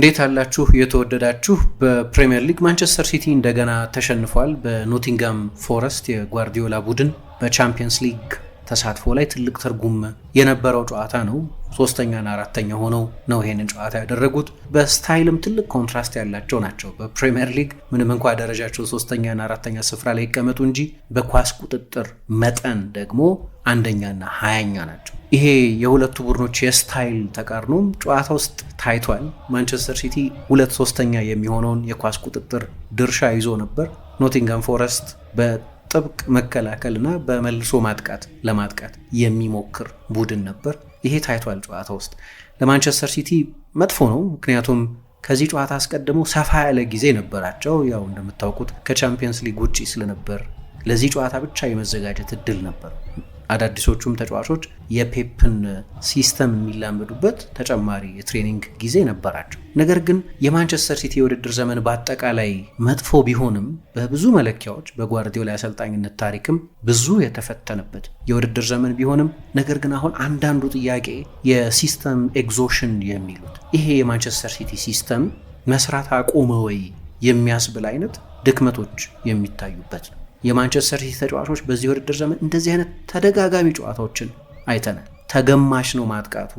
እንዴት አላችሁ የተወደዳችሁ በፕሪምየር ሊግ ማንቸስተር ሲቲ እንደገና ተሸንፏል በኖቲንጋም ፎረስት የጓርዲዮላ ቡድን በቻምፒየንስ ሊግ ተሳትፎ ላይ ትልቅ ትርጉም የነበረው ጨዋታ ነው። ሶስተኛና አራተኛ ሆነው ነው ይሄንን ጨዋታ ያደረጉት። በስታይልም ትልቅ ኮንትራስት ያላቸው ናቸው። በፕሪምየር ሊግ ምንም እንኳ ደረጃቸው ሶስተኛና አራተኛ ስፍራ ላይ ይቀመጡ እንጂ በኳስ ቁጥጥር መጠን ደግሞ አንደኛና ሀያኛ ናቸው። ይሄ የሁለቱ ቡድኖች የስታይል ተቃርኖም ጨዋታ ውስጥ ታይቷል። ማንቸስተር ሲቲ ሁለት ሶስተኛ የሚሆነውን የኳስ ቁጥጥር ድርሻ ይዞ ነበር። ኖቲንጋም ፎረስት ጥብቅ መከላከልና በመልሶ ማጥቃት ለማጥቃት የሚሞክር ቡድን ነበር። ይሄ ታይቷል ጨዋታ ውስጥ። ለማንቸስተር ሲቲ መጥፎ ነው፣ ምክንያቱም ከዚህ ጨዋታ አስቀድሞ ሰፋ ያለ ጊዜ ነበራቸው። ያው እንደምታውቁት ከቻምፒየንስ ሊግ ውጪ ስለነበር ለዚህ ጨዋታ ብቻ የመዘጋጀት እድል ነበር። አዳዲሶቹም ተጫዋቾች የፔፕን ሲስተም የሚላመዱበት ተጨማሪ የትሬኒንግ ጊዜ ነበራቸው። ነገር ግን የማንቸስተር ሲቲ የውድድር ዘመን በአጠቃላይ መጥፎ ቢሆንም በብዙ መለኪያዎች በጓርዲዮላ አሰልጣኝነት ታሪክም ብዙ የተፈተነበት የውድድር ዘመን ቢሆንም ነገር ግን አሁን አንዳንዱ ጥያቄ የሲስተም ኤግዞሽን የሚሉት ይሄ የማንቸስተር ሲቲ ሲስተም መስራት አቆመ ወይ የሚያስብል አይነት ድክመቶች የሚታዩበት ነው። የማንቸስተር ሲቲ ተጫዋቾች በዚህ ውድድር ዘመን እንደዚህ አይነት ተደጋጋሚ ጨዋታዎችን አይተናል። ተገማሽ ነው ማጥቃቱ፣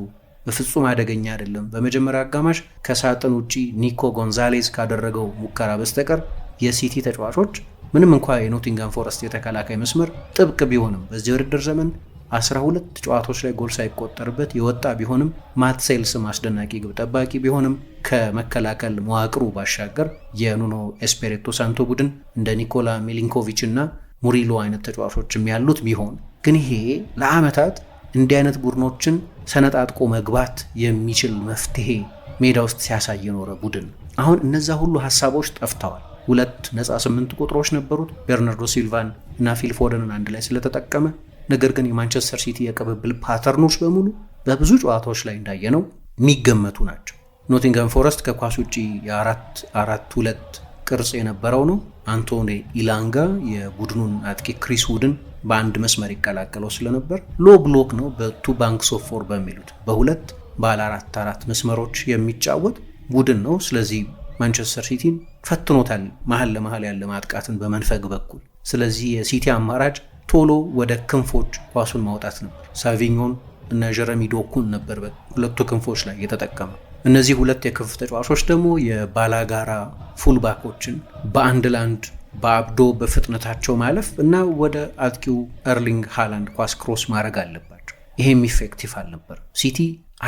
በፍጹም አደገኛ አይደለም። በመጀመሪያ አጋማሽ ከሳጥን ውጪ ኒኮ ጎንዛሌዝ ካደረገው ሙከራ በስተቀር የሲቲ ተጫዋቾች ምንም እንኳ የኖቲንጋም ፎረስት የተከላካይ መስመር ጥብቅ ቢሆንም በዚህ ውድድር ዘመን 12 ጨዋታዎች ላይ ጎል ሳይቆጠርበት የወጣ ቢሆንም ማትሴልስም አስደናቂ ግብ ጠባቂ ቢሆንም ከመከላከል መዋቅሩ ባሻገር የኑኖ ኤስፔሬቶ ሳንቶ ቡድን እንደ ኒኮላ ሚሊንኮቪች እና ሙሪሎ አይነት ተጫዋቾችም ያሉት ቢሆን ግን ይሄ ለአመታት እንዲህ አይነት ቡድኖችን ሰነጣጥቆ መግባት የሚችል መፍትሄ ሜዳ ውስጥ ሲያሳይ የኖረ ቡድን አሁን እነዛ ሁሉ ሀሳቦች ጠፍተዋል። ሁለት ነፃ ስምንት ቁጥሮች ነበሩት። ቤርናርዶ ሲልቫን እና ፊል ፎደንን አንድ ላይ ስለተጠቀመ ነገር ግን የማንቸስተር ሲቲ የቅብብል ፓተርኖች በሙሉ በብዙ ጨዋታዎች ላይ እንዳየነው የሚገመቱ ናቸው። ኖቲንገም ፎረስት ከኳስ ውጪ የአራት አራት ሁለት ቅርጽ የነበረው ነው። አንቶኔ ኢላንጋ የቡድኑን አጥቂ ክሪስ ውድን በአንድ መስመር ይቀላቀለው ስለነበር ሎ ብሎክ ነው በቱ ባንክ ሶፎር በሚሉት በሁለት ባለ አራት አራት መስመሮች የሚጫወት ቡድን ነው። ስለዚህ ማንቸስተር ሲቲን ፈትኖታል መሀል ለመሀል ያለ ማጥቃትን በመንፈግ በኩል። ስለዚህ የሲቲ አማራጭ ቶሎ ወደ ክንፎች ኳሱን ማውጣት ነበር። ሳቪኞን እና ጀረሚ ዶኩን ነበር ሁለቱ ክንፎች ላይ የተጠቀመ። እነዚህ ሁለት የክንፍ ተጫዋቾች ደግሞ የባላጋራ ፉልባኮችን በአንድ ላንድ በአብዶ በፍጥነታቸው ማለፍ እና ወደ አጥቂው ኤርሊንግ ሃላንድ ኳስ ክሮስ ማድረግ አለባቸው። ይሄም ኢፌክቲቭ አልነበር። ሲቲ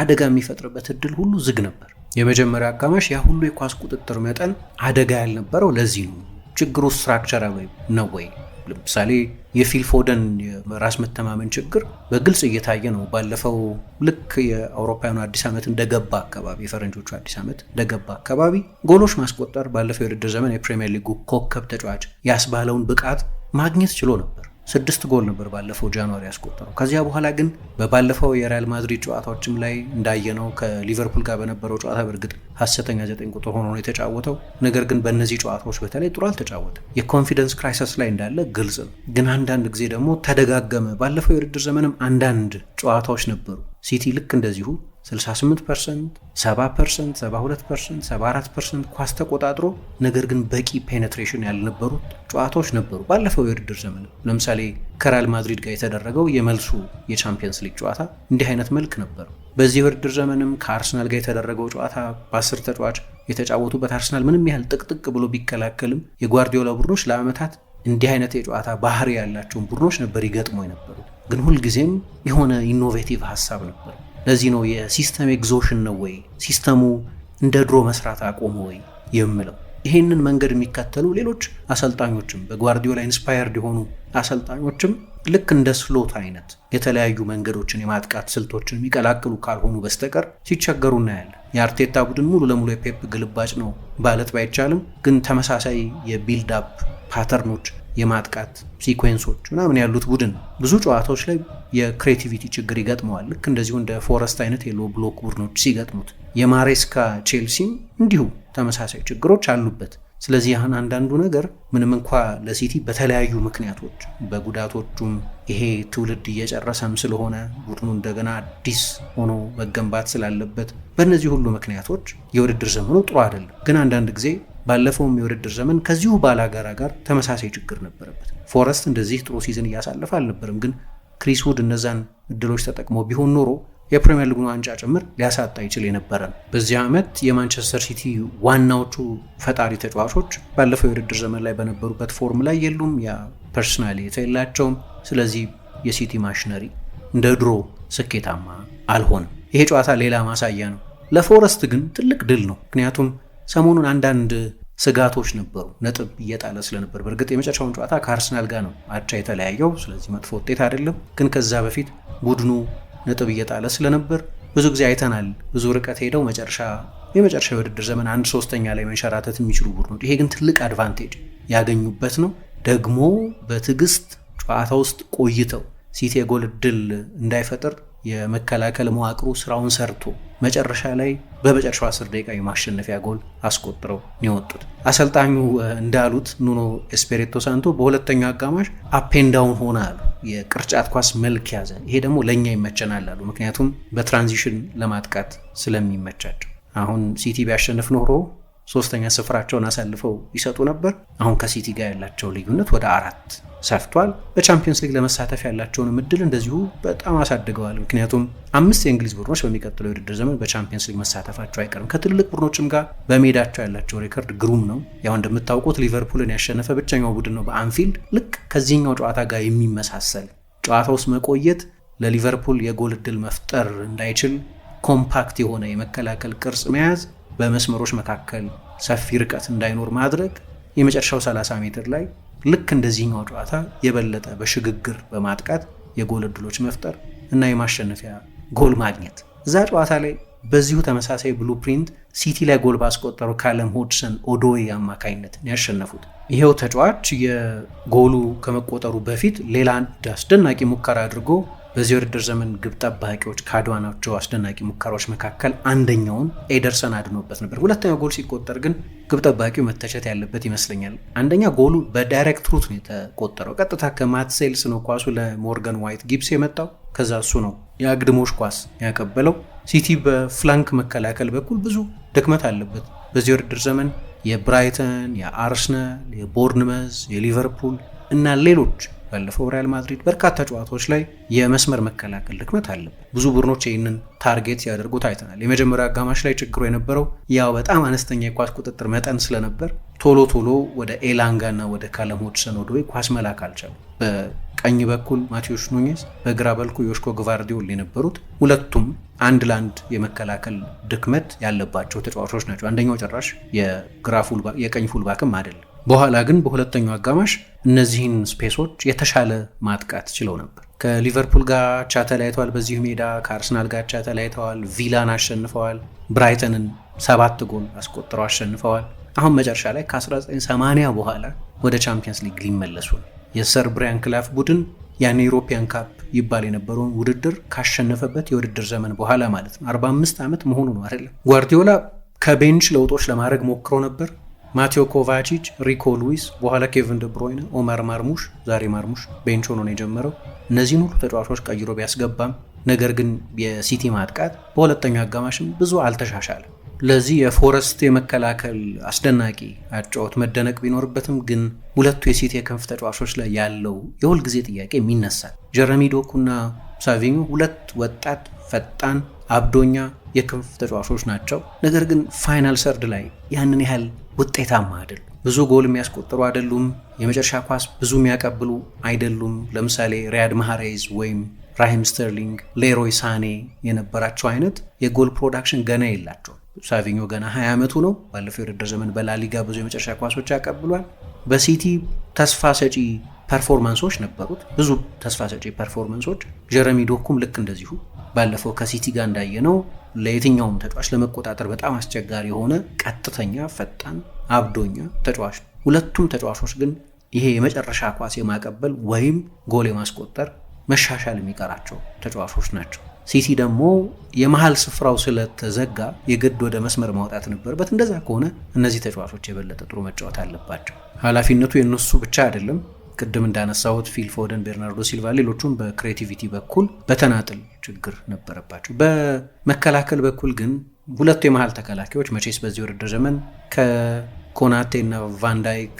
አደጋ የሚፈጥርበት እድል ሁሉ ዝግ ነበር። የመጀመሪያ አጋማሽ ያ ሁሉ የኳስ ቁጥጥር መጠን አደጋ ያልነበረው ለዚህ ነው። ችግሩ ስትራክቸራዊ ነው ወይ? ለምሳሌ የፊል ፎደን የራስ መተማመን ችግር በግልጽ እየታየ ነው። ባለፈው ልክ የአውሮፓውያኑ አዲስ ዓመት እንደገባ አካባቢ የፈረንጆቹ አዲስ ዓመት እንደገባ አካባቢ ጎሎች ማስቆጠር ባለፈው የውድድር ዘመን የፕሪሚየር ሊጉ ኮከብ ተጫዋች ያስባለውን ብቃት ማግኘት ችሎ ነበር። ስድስት ጎል ነበር ባለፈው ጃንዋሪ ያስቆጠረው። ከዚያ በኋላ ግን በባለፈው የሪያል ማድሪድ ጨዋታዎችም ላይ እንዳየነው ከሊቨርፑል ጋር በነበረው ጨዋታ በእርግጥ ሀሰተኛ ዘጠኝ ቁጥር ሆኖ ነው የተጫወተው። ነገር ግን በእነዚህ ጨዋታዎች በተለይ ጥሩ አልተጫወተ። የኮንፊደንስ ክራይሰስ ላይ እንዳለ ግልጽ ነው። ግን አንዳንድ ጊዜ ደግሞ ተደጋገመ። ባለፈው የውድድር ዘመንም አንዳንድ ጨዋታዎች ነበሩ ሲቲ ልክ እንደዚሁ 68 ፐርሰንት፣ 70 ፐርሰንት፣ 72 ፐርሰንት፣ 74 ፐርሰንት ኳስ ተቆጣጥሮ ነገር ግን በቂ ፔኔትሬሽን ያልነበሩት ጨዋታዎች ነበሩ። ባለፈው የውድድር ዘመን ለምሳሌ ከሪያል ማድሪድ ጋር የተደረገው የመልሱ የቻምፒየንስ ሊግ ጨዋታ እንዲህ አይነት መልክ ነበረው። በዚህ የውድድር ዘመንም ከአርሰናል ጋር የተደረገው ጨዋታ በአስር ተጫዋች የተጫወቱበት አርሰናል ምንም ያህል ጥቅጥቅ ብሎ ቢከላከልም የጓርዲዮላ ቡድኖች ለዓመታት እንዲህ አይነት የጨዋታ ባህሪ ያላቸውን ቡድኖች ነበር ይገጥሞ የነበሩት። ግን ሁልጊዜም የሆነ ኢኖቬቲቭ ሀሳብ ነበር ለዚህ ነው የሲስተም ኤግዞሽን ነው ወይ ሲስተሙ እንደ ድሮ መስራት አቆመ ወይ የምለው። ይሄንን መንገድ የሚከተሉ ሌሎች አሰልጣኞችም በጓርዲዮላ ኢንስፓየርድ የሆኑ አሰልጣኞችም ልክ እንደ ስሎት አይነት የተለያዩ መንገዶችን የማጥቃት ስልቶችን የሚቀላቅሉ ካልሆኑ በስተቀር ሲቸገሩ እናያለን። የአርቴታ ቡድን ሙሉ ለሙሉ የፔፕ ግልባጭ ነው ማለት ባይቻልም ግን ተመሳሳይ የቢልድ አፕ ፓተርኖች የማጥቃት ሲኮንሶች ምናምን ያሉት ቡድን ብዙ ጨዋታዎች ላይ የክሬቲቪቲ ችግር ይገጥመዋል። ልክ እንደዚሁ እንደ ፎረስት አይነት የሎ ብሎክ ቡድኖች ሲገጥሙት፣ የማሬስካ ቼልሲም እንዲሁ ተመሳሳይ ችግሮች አሉበት። ስለዚህ ያህን አንዳንዱ ነገር ምንም እንኳ ለሲቲ በተለያዩ ምክንያቶች በጉዳቶቹም ይሄ ትውልድ እየጨረሰም ስለሆነ ቡድኑ እንደገና አዲስ ሆኖ መገንባት ስላለበት በእነዚህ ሁሉ ምክንያቶች የውድድር ዘመኑ ጥሩ አይደለም። ግን አንዳንድ ጊዜ ባለፈውም የውድድር ዘመን ከዚሁ ባላጋራ ጋር ተመሳሳይ ችግር ነበረበት። ፎረስት እንደዚህ ጥሩ ሲዝን እያሳለፈ አልነበርም፣ ግን ክሪስ ውድ እነዛን እድሎች ተጠቅሞ ቢሆን ኖሮ የፕሪምየር ሊጉን ዋንጫ ጭምር ሊያሳጣ ይችል የነበረ ነው። በዚህ ዓመት የማንቸስተር ሲቲ ዋናዎቹ ፈጣሪ ተጫዋቾች ባለፈው የውድድር ዘመን ላይ በነበሩበት ፎርም ላይ የሉም። ያ ፐርሶናሊቲ የላቸውም። ስለዚህ የሲቲ ማሽነሪ እንደ ድሮ ስኬታማ አልሆንም። ይሄ ጨዋታ ሌላ ማሳያ ነው። ለፎረስት ግን ትልቅ ድል ነው፣ ምክንያቱም ሰሞኑን አንዳንድ ስጋቶች ነበሩ፣ ነጥብ እየጣለ ስለነበር። በእርግጥ የመጨረሻውን ጨዋታ ከአርሰናል ጋር ነው አቻ የተለያየው፣ ስለዚህ መጥፎ ውጤት አይደለም። ግን ከዛ በፊት ቡድኑ ነጥብ እየጣለ ስለነበር ብዙ ጊዜ አይተናል። ብዙ ርቀት ሄደው መጨረሻ የመጨረሻ የውድድር ዘመን አንድ ሶስተኛ ላይ መንሸራተት የሚችሉ ቡድኖች፣ ይሄ ግን ትልቅ አድቫንቴጅ ያገኙበት ነው። ደግሞ በትዕግስት ጨዋታ ውስጥ ቆይተው ሲቲ የጎል እድል እንዳይፈጥር የመከላከል መዋቅሩ ስራውን ሰርቶ መጨረሻ ላይ በመጨረሻው አስር ደቂቃ የማሸነፊያ ጎል አስቆጥረው ነው የወጡት። አሰልጣኙ እንዳሉት ኑኖ ኤስፔሬቶ ሳንቶ በሁለተኛው አጋማሽ አፔንዳውን ሆነ አሉ። የቅርጫት ኳስ መልክ ያዘ። ይሄ ደግሞ ለእኛ ይመቸናል አሉ። ምክንያቱም በትራንዚሽን ለማጥቃት ስለሚመቻቸው አሁን ሲቲ ቢያሸንፍ ኖሮ ሶስተኛ ስፍራቸውን አሳልፈው ይሰጡ ነበር። አሁን ከሲቲ ጋር ያላቸው ልዩነት ወደ አራት ሰፍቷል። በቻምፒየንስ ሊግ ለመሳተፍ ያላቸውንም እድል እንደዚሁ በጣም አሳድገዋል። ምክንያቱም አምስት የእንግሊዝ ቡድኖች በሚቀጥለው የውድድር ዘመን በቻምፒየንስ ሊግ መሳተፋቸው አይቀርም። ከትልልቅ ቡድኖችም ጋር በሜዳቸው ያላቸው ሬከርድ ግሩም ነው። ያው እንደምታውቁት ሊቨርፑልን ያሸነፈ ብቸኛው ቡድን ነው በአንፊልድ። ልክ ከዚህኛው ጨዋታ ጋር የሚመሳሰል ጨዋታ ውስጥ መቆየት ለሊቨርፑል የጎል እድል መፍጠር እንዳይችል ኮምፓክት የሆነ የመከላከል ቅርጽ መያዝ በመስመሮች መካከል ሰፊ ርቀት እንዳይኖር ማድረግ የመጨረሻው 30 ሜትር ላይ ልክ እንደዚህኛው ጨዋታ የበለጠ በሽግግር በማጥቃት የጎል እድሎች መፍጠር እና የማሸነፊያ ጎል ማግኘት። እዛ ጨዋታ ላይ በዚሁ ተመሳሳይ ብሉፕሪንት ሲቲ ላይ ጎል ባስቆጠረው ካለም ሆድሰን ኦዶይ አማካኝነት ያሸነፉት። ይሄው ተጫዋች የጎሉ ከመቆጠሩ በፊት ሌላ አንድ አስደናቂ ሙከራ አድርጎ በዚህ ውድድር ዘመን ግብ ጠባቂዎች ካዷናቸው አስደናቂ ሙከራዎች መካከል አንደኛውን ኤደርሰን አድኖበት ነበር። ሁለተኛው ጎል ሲቆጠር ግን ግብ ጠባቂው መተቸት ያለበት ይመስለኛል። አንደኛ ጎሉ በዳይሬክት ሩት ነው የተቆጠረው። ቀጥታ ከማትሴልስ ነው ኳሱ ለሞርጋን ዋይት ጊብስ የመጣው። ከዛ እሱ ነው የአግድሞሽ ኳስ ያቀበለው። ሲቲ በፍላንክ መከላከል በኩል ብዙ ድክመት አለበት በዚህ ውድድር ዘመን የብራይተን፣ የአርስናል፣ የቦርንመዝ፣ የሊቨርፑል እና ሌሎች ባለፈው ሪያል ማድሪድ በርካታ ጨዋታዎች ላይ የመስመር መከላከል ድክመት አለበት። ብዙ ቡድኖች ይህንን ታርጌት ሲያደርጉ ታይተናል። የመጀመሪያው አጋማሽ ላይ ችግሩ የነበረው ያው በጣም አነስተኛ የኳስ ቁጥጥር መጠን ስለነበር ቶሎ ቶሎ ወደ ኤላንጋና ወደ ካለሞች ሰኖዶ ኳስ መላክ አልቻሉ። በቀኝ በኩል ማቴዎስ ኑኝስ በግራ በልኩ ዮሽኮ ግቫርዲዮል የነበሩት ሁለቱም አንድ ለአንድ የመከላከል ድክመት ያለባቸው ተጫዋቾች ናቸው። አንደኛው ጭራሽ የግራ የቀኝ ፉልባክም አይደለም። በኋላ ግን በሁለተኛው አጋማሽ እነዚህን ስፔሶች የተሻለ ማጥቃት ችለው ነበር። ከሊቨርፑል ጋር አቻ ተለያይተዋል በዚሁ ሜዳ። ከአርሰናል ጋር አቻ ተለያይተዋል። ቪላን አሸንፈዋል። ብራይተንን ሰባት ጎል አስቆጥረው አሸንፈዋል። አሁን መጨረሻ ላይ ከ1980 በኋላ ወደ ቻምፒየንስ ሊግ ሊመለሱ ነው። የሰር ብሪያን ክላፍ ቡድን ያን ዩሮፒያን ካፕ ይባል የነበረውን ውድድር ካሸነፈበት የውድድር ዘመን በኋላ ማለት ነው። 45 ዓመት መሆኑ ነው አይደለም። ጓርዲዮላ ከቤንች ለውጦች ለማድረግ ሞክሮ ነበር። ማቴዎ ኮቫቺች፣ ሪኮ ሉዊስ፣ በኋላ ኬቪን ደብሮይነ፣ ኦማር ማርሙሽ፣ ዛሬ ማርሙሽ ቤንች ሆኖ ነው የጀመረው። እነዚህን ሁሉ ተጫዋቾች ቀይሮ ቢያስገባም ነገር ግን የሲቲ ማጥቃት በሁለተኛው አጋማሽም ብዙ አልተሻሻለም። ለዚህ የፎረስት የመከላከል አስደናቂ አጫወት መደነቅ ቢኖርበትም ግን ሁለቱ የሲቲ የክንፍ ተጫዋቾች ላይ ያለው የሁልጊዜ ጥያቄ የሚነሳል። ጀረሚ ዶኩና ሳቪኞ ሁለት ወጣት ፈጣን አብዶኛ የክንፍ ተጫዋቾች ናቸው። ነገር ግን ፋይናል ሰርድ ላይ ያንን ያህል ውጤታማ አይደሉ። ብዙ ጎል የሚያስቆጥሩ አይደሉም። የመጨረሻ ኳስ ብዙ የሚያቀብሉ አይደሉም። ለምሳሌ ሪያድ ማሃሬዝ ወይም ራሂም ስተርሊንግ፣ ሌሮይ ሳኔ የነበራቸው አይነት የጎል ፕሮዳክሽን ገና የላቸውም። ሳቪኞ ገና 20 ዓመቱ ነው። ባለፈው የውድድር ዘመን በላሊጋ ብዙ የመጨረሻ ኳሶች ያቀብሏል። በሲቲ ተስፋ ሰጪ ፐርፎርማንሶች ነበሩት፣ ብዙ ተስፋ ሰጪ ፐርፎርማንሶች። ጀረሚ ዶኩም ልክ እንደዚሁ ባለፈው ከሲቲ ጋር እንዳየነው ለየትኛውም ተጫዋች ለመቆጣጠር በጣም አስቸጋሪ የሆነ ቀጥተኛ፣ ፈጣን፣ አብዶኛ ተጫዋች ነው። ሁለቱም ተጫዋቾች ግን ይሄ የመጨረሻ ኳስ የማቀበል ወይም ጎል የማስቆጠር መሻሻል የሚቀራቸው ተጫዋቾች ናቸው። ሲቲ ደግሞ የመሀል ስፍራው ስለተዘጋ የግድ ወደ መስመር ማውጣት ነበረበት። እንደዛ ከሆነ እነዚህ ተጫዋቾች የበለጠ ጥሩ መጫወት አለባቸው። ኃላፊነቱ የእነሱ ብቻ አይደለም። ቅድም እንዳነሳሁት ፊል ፎደን፣ ቤርናርዶ ሲልቫ፣ ሌሎቹም በክሬቲቪቲ በኩል በተናጥል ችግር ነበረባቸው። በመከላከል በኩል ግን ሁለቱ የመሀል ተከላካዮች መቼስ በዚህ ውድድር ዘመን ከኮናቴና ቫንዳይክ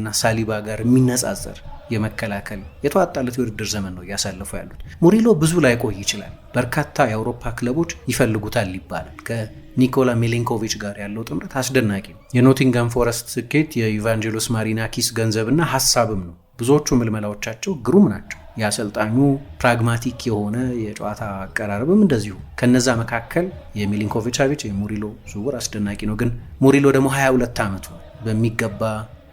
እና ሳሊባ ጋር የሚነጻጸር የመከላከል የተዋጣለት የውድድር ዘመን ነው እያሳለፉ ያሉት። ሙሪሎ ብዙ ላይ ቆይ ይችላል። በርካታ የአውሮፓ ክለቦች ይፈልጉታል ይባላል። ከኒኮላ ሚሊንኮቪች ጋር ያለው ጥምረት አስደናቂ ነው። የኖቲንጋም ፎረስት ስኬት የኢቫንጀሎስ ማሪናኪስ ገንዘብና ሀሳብም ነው። ብዙዎቹ ምልመላዎቻቸው ግሩም ናቸው። የአሰልጣኙ ፕራግማቲክ የሆነ የጨዋታ አቀራረብም እንደዚሁ። ከነዛ መካከል የሚሊንኮቪች አቪች የሙሪሎ ዝውውር አስደናቂ ነው። ግን ሙሪሎ ደግሞ 22 ዓመቱ በሚገባ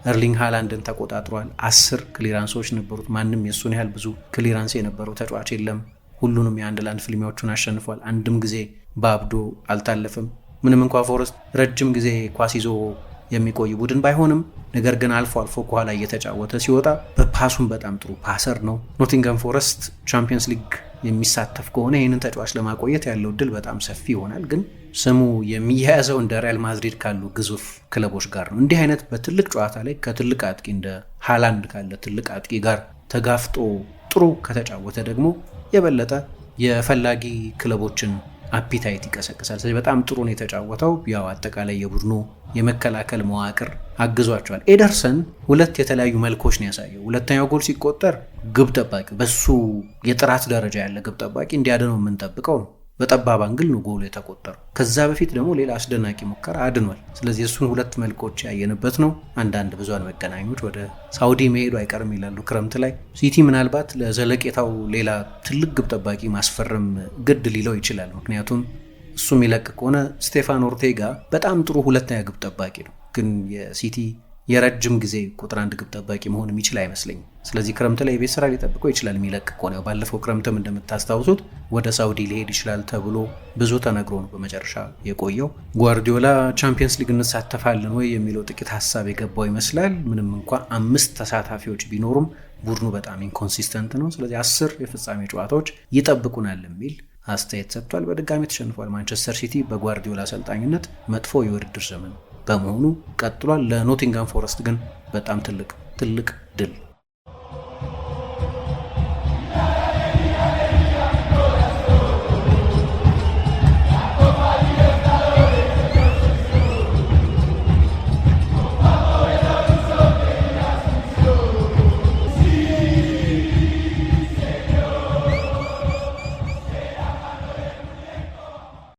እርሊንግ ሃላንድን ተቆጣጥሯል። አስር ክሊራንሶች ነበሩት። ማንም የእሱን ያህል ብዙ ክሊራንስ የነበረው ተጫዋች የለም። ሁሉንም የአንድ ለአንድ ፍልሚያዎቹን አሸንፏል። አንድም ጊዜ በአብዶ አልታለፍም። ምንም እንኳ ፎረስት ረጅም ጊዜ ኳስ ይዞ የሚቆይ ቡድን ባይሆንም ነገር ግን አልፎ አልፎ ከኋላ እየተጫወተ ሲወጣ በፓሱም በጣም ጥሩ ፓሰር ነው። ኖቲንገም ፎረስት ቻምፒየንስ ሊግ የሚሳተፍ ከሆነ ይህንን ተጫዋች ለማቆየት ያለው እድል በጣም ሰፊ ይሆናል። ግን ስሙ የሚያያዘው እንደ ሪያል ማድሪድ ካሉ ግዙፍ ክለቦች ጋር ነው። እንዲህ አይነት በትልቅ ጨዋታ ላይ ከትልቅ አጥቂ እንደ ሃላንድ ካለ ትልቅ አጥቂ ጋር ተጋፍጦ ጥሩ ከተጫወተ ደግሞ የበለጠ የፈላጊ ክለቦችን አፒታይት ይቀሰቅሳል። ስለዚህ በጣም ጥሩ ነው የተጫወተው። ያው አጠቃላይ የቡድኑ የመከላከል መዋቅር አግዟቸዋል። ኤደርሰን ሁለት የተለያዩ መልኮች ነው ያሳየው። ሁለተኛው ጎል ሲቆጠር ግብ ጠባቂ በሱ የጥራት ደረጃ ያለ ግብ ጠባቂ እንዲያድነው የምንጠብቀው ነው። በጠባብ አንግል ነው ጎሉ የተቆጠረው። ከዛ በፊት ደግሞ ሌላ አስደናቂ ሙከራ አድኗል። ስለዚህ እሱን ሁለት መልኮች ያየንበት ነው። አንዳንድ ብዙሃን መገናኞች ወደ ሳውዲ መሄዱ አይቀርም ይላሉ ክረምት ላይ። ሲቲ ምናልባት ለዘለቄታው ሌላ ትልቅ ግብ ጠባቂ ማስፈረም ግድ ሊለው ይችላል። ምክንያቱም እሱ የሚለቅ ከሆነ ስቴፋን ኦርቴጋ በጣም ጥሩ ሁለተኛ ግብ ጠባቂ ነው፣ ግን የሲቲ የረጅም ጊዜ ቁጥር አንድ ግብ ጠባቂ መሆን የሚችል አይመስለኝም። ስለዚህ ክረምት ላይ የቤት ስራ ሊጠብቀው ይችላል የሚለቅ ከሆነ። ባለፈው ክረምትም እንደምታስታውሱት ወደ ሳውዲ ሊሄድ ይችላል ተብሎ ብዙ ተነግሮ ነው በመጨረሻ የቆየው። ጓርዲዮላ ቻምፒየንስ ሊግ እንሳተፋለን ወይ የሚለው ጥቂት ሀሳብ የገባው ይመስላል። ምንም እንኳ አምስት ተሳታፊዎች ቢኖሩም ቡድኑ በጣም ኢንኮንሲስተንት ነው። ስለዚህ አስር የፍጻሜ ጨዋታዎች ይጠብቁናል የሚል አስተያየት ሰጥቷል። በድጋሚ ተሸንፏል። ማንቸስተር ሲቲ በጓርዲዮላ አሰልጣኝነት መጥፎ የውድድር ዘመን በመሆኑ ቀጥሏል። ለኖቲንጋም ፎረስት ግን በጣም ትልቅ ትልቅ ድል